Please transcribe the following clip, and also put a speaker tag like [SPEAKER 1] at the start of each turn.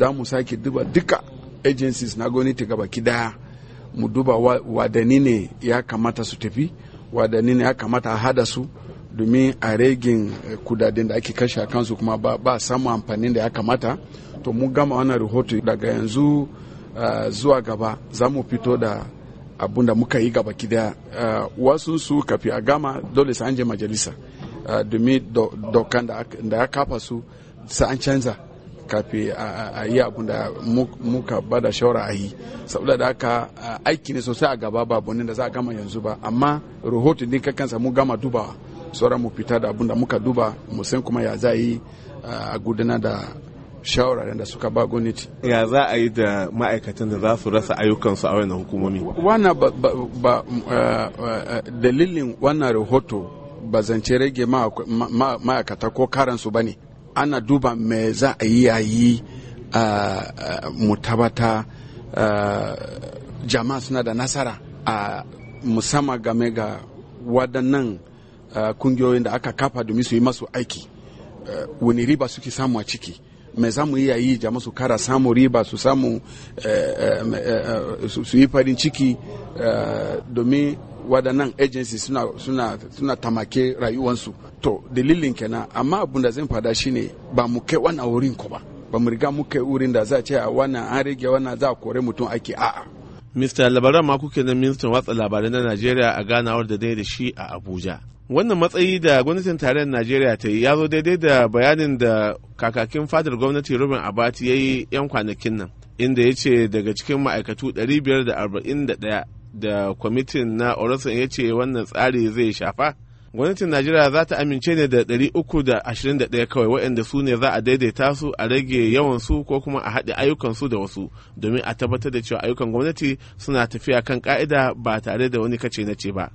[SPEAKER 1] za mu sake duba duka agencies na gwamnati gaba daya mu duba wadanni ne ya kamata su tafi wadanni ne ya kamata a hada su domin a regin eh, kudaden da ake kashe a kansu kuma ba, ba samu amfanin da ya kamata to mu gama wannan rahoto daga yanzu uh, zuwa gaba za mu fito da abun da muka yi gaba daya eh, wasu su kafi a gama dole su an je majalisa uh, domin dokan da ya kafa su sa an canza kafe a yi abin da muka ba da shawara a yi saboda da haka aiki ne sosai a gaba ba bonin da za a gama yanzu ba amma rahoton din kansa mu gama dubawa sauran mu fita da abin da muka duba musamman kuma ya za a yi a gudanar da shawararen da suka ba gwamnati.
[SPEAKER 2] Ya za a yi da ma'aikatan da za su rasa ayyukansu a wannan hukumomi?
[SPEAKER 1] Wannan ba, dalilin wannan rahoto ba zance rage ma'aikata ko karansu ba ne. ana duba me za a yi yayi mu mutabata jama'a suna da nasara a musamman game ga waɗannan kungiyoyin da aka kafa domin su yi masu aiki wani riba suke samu a ciki me za mu a yi jama su kara samu riba su samu su yi farin ciki domin waɗannan agency suna suna suna tamake rayuwansu to dalilin kenan amma abun da zan fada shine ba mu kai wannan wurin ko ba ba mu riga mu kai wurin da za a ce a wannan an rage wannan za a kore mutum ake a'a
[SPEAKER 2] Mr. Labaran ma kuke nan ministan watsa labarai na Najeriya a ganawar da dai da shi a Abuja. Wannan matsayi da gwamnatin tarayyar Najeriya ta yi ya zo daidai da bayanin da kakakin fadar gwamnati Ruben Abati ya yi 'yan kwanakin nan, inda ya ce daga cikin ma'aikatu 541 da kwamitin na orasan ya ce wannan tsari zai shafa. Gwamnatin Najeriya za ta amince ne da 321 kawai waɗanda su ne za a daidaita su a rage yawan su ko kuma a haɗe ayyukan su da wasu domin a tabbatar da cewa ayyukan gwamnati suna tafiya kan ka'ida ba tare da wani kace na ce ba.